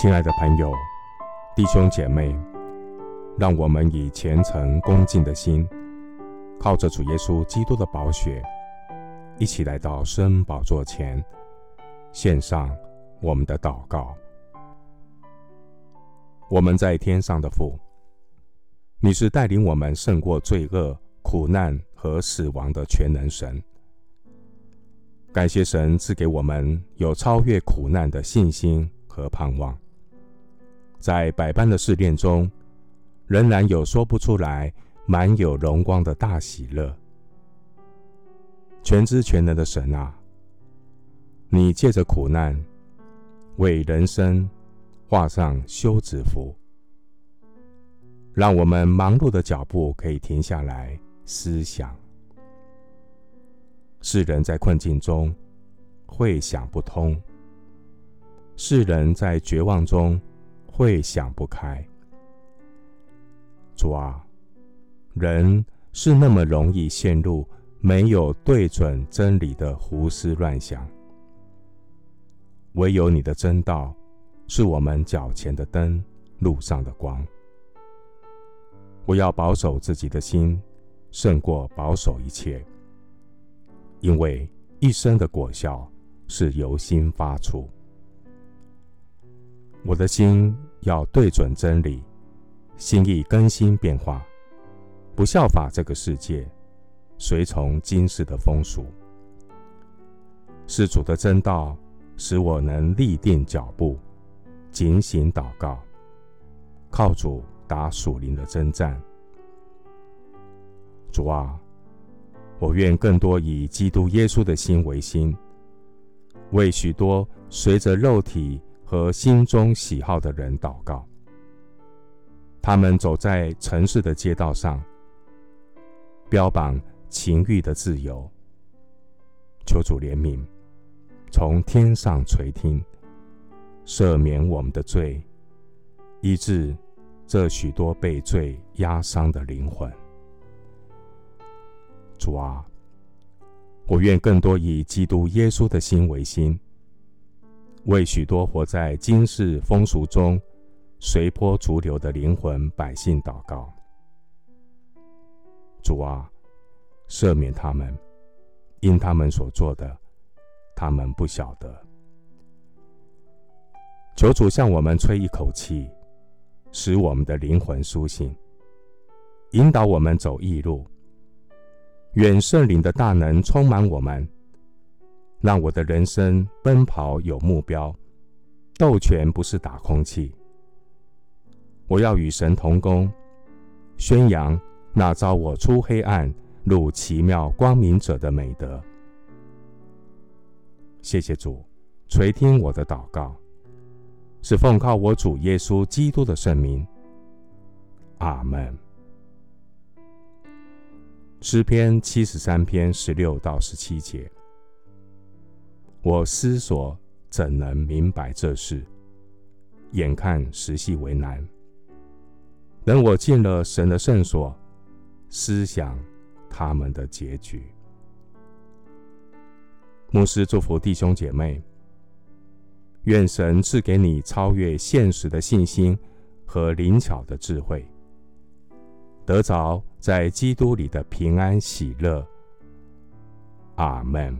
親愛的朋友、弟兄姐妹，讓我們以虔誠恭敬的心，靠着主耶穌基督的寶血，一起來到施恩寶座前，獻上我們的禱告。我們在天上的父，你是帶領我們勝過罪惡、苦難和死亡的全能神。感謝神賜給我們有超越苦難的信心和盼望。在百般的試煉中，仍然有說不出來、滿有榮光的大喜樂。全知全能的神啊，你借着苦難為人生畫上休止符，讓我們忙碌的腳步可以停下來思想。世人在困境中會想不通，世人在絕望中。會想不開。主啊，人是那麼容易陷入沒有對準真理的胡思亂想。唯有你的真道，是我們腳前的燈，路上的光。我要保守自己的心，勝過保守一切，因為一生的果效是由心發出。我的心。要對準真理，心意更新變化，不效法這個世界，隨從今世的風俗。是主的真道使我能立定腳步，警醒禱告，靠主打屬靈的征戰。主啊，我願更多以基督耶穌的心為心，為許多隨着肉體。和心中喜好的人禱告，他們走在城市的街道上，標榜情欲的自由。求主憐憫，從天上垂聽，赦免我們的罪，醫治這許多被罪壓傷的靈魂。主啊，我願更多以基督耶穌的心為心。為許多活在今世風俗中隨波逐流的靈魂、百姓禱告，主啊，赦免他們，因他們所做的，他們不曉得。求主向我們吹一口氣，使我們的靈魂甦醒，引導我們走義路。願聖靈的大能充滿我們。讓我的人生奔跑有目標，鬥拳不是打空氣。我要與神同工，宣揚那照我出黑暗入奇妙光明者的美德。謝謝主，垂聽我的禱告，是奉靠我主耶穌基督的聖名。阿門。詩篇七十三篇十六到十七節。我思索怎能明白這事，眼看實係為難。等我進了神的聖所，思想他們的結局。牧師祝福弟兄姐妹，願神賜給你超越現實的信心和靈巧的智慧，得着在基督裡的平安喜樂。阿門。